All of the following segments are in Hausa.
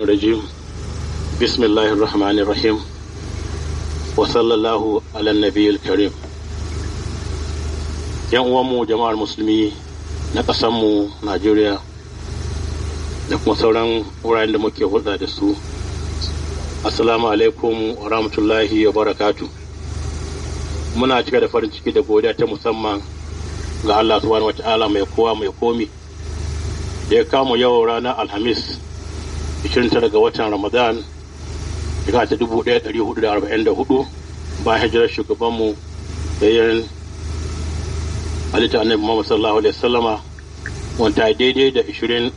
الرجيم بسم الله yan uwanmu jama'ar musulmi na ƙasar ƙasanmu najeriya da kuma sauran wuraren da muke hulɗa da su assalamu alaikum barakatu muna cika da farin ciki da godiya ta musamman ga allah subhanahu wa ta'ala mai kowa mai komi da ya kama yau ranar alhamis 29 ga watan Ramadan daga ta 1444 bayan hijirar shugabanmu da yin halitta annabi Muhammad sallallahu alaihi wasallama wanda daidai da 20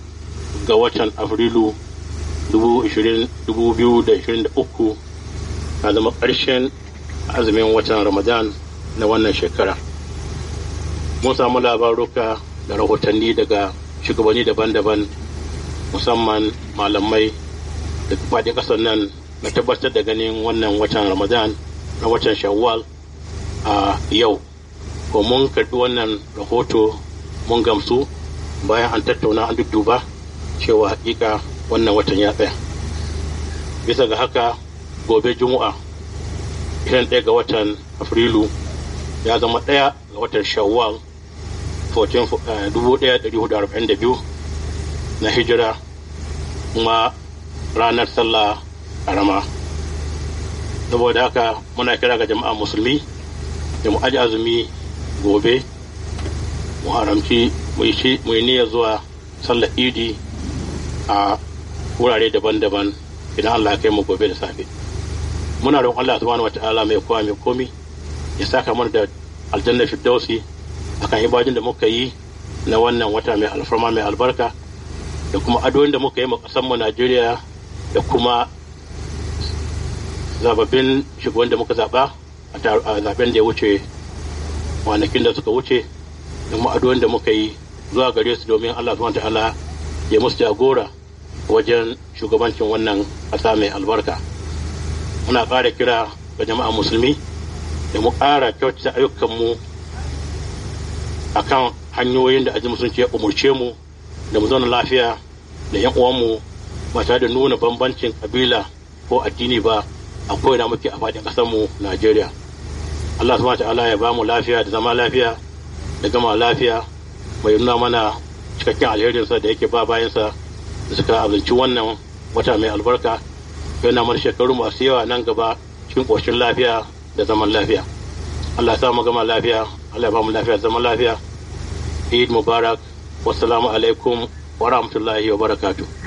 ga watan Afrilu 2023 na zama ƙarshen azumin watan Ramadan na wannan shekara. Mun samu labaruka da rahotanni daga shugabanni daban-daban musamman malamai da faɗin ƙasar nan na tabbatar da ganin wannan watan ramadan na watan shawwal a yau ko mun karbi wannan rahoto mun gamsu bayan an tattauna an dudduba cewa hakika wannan watan ya tsaya bisa ga haka gobe juma'a irin ɗaya ga watan afrilu ya zama ɗaya ga watan shawwal 1442 na hijira kuma ranar sallah karama saboda haka muna kira ga jama'a musulmi da mu aji azumi gobe mu haramci mu yi niyya zuwa sallar idi a wurare daban-daban idan Allah kai mu gobe da safe muna roƙon Allah subhanahu ala mai kowa mai komi ya saka mana da aljannar firdausi akan ibadin da muka yi na wannan wata mai alfarma mai albarka da kuma adon da muka yi ma mu Najeriya da kuma zababbin shugaban da muka zaba a zaben da ya wuce kwanakin da suka wuce da kuma adon da muka yi zuwa gare su domin Allah zuwa ta'ala ya musu jagora wajen shugabancin wannan ƙasa mai albarka muna ƙara kira ga jama'a musulmi da mu ƙara kyautata ayyukanmu a kan hanyoyin da ajin musulunci ya umarce mu da mu zauna lafiya da 'yan uwanmu ba tare da nuna bambancin kabila ko addini ba a koyana muke a faɗin ƙasarmu Najeriya. Allah subhanahu ta'ala ya ba mu lafiya da zama lafiya da gama lafiya mai nuna mana cikakken alherinsa da yake ba bayansa da suka abinci wannan wata mai albarka yana mana shekaru masu yawa nan gaba cikin ƙoshin lafiya da zaman lafiya. Allah sa mu gama lafiya, Allah ya ba mu lafiya da zaman lafiya. Eid Mubarak, wassalamu alaikum wa rahmatullahi wa barakatuh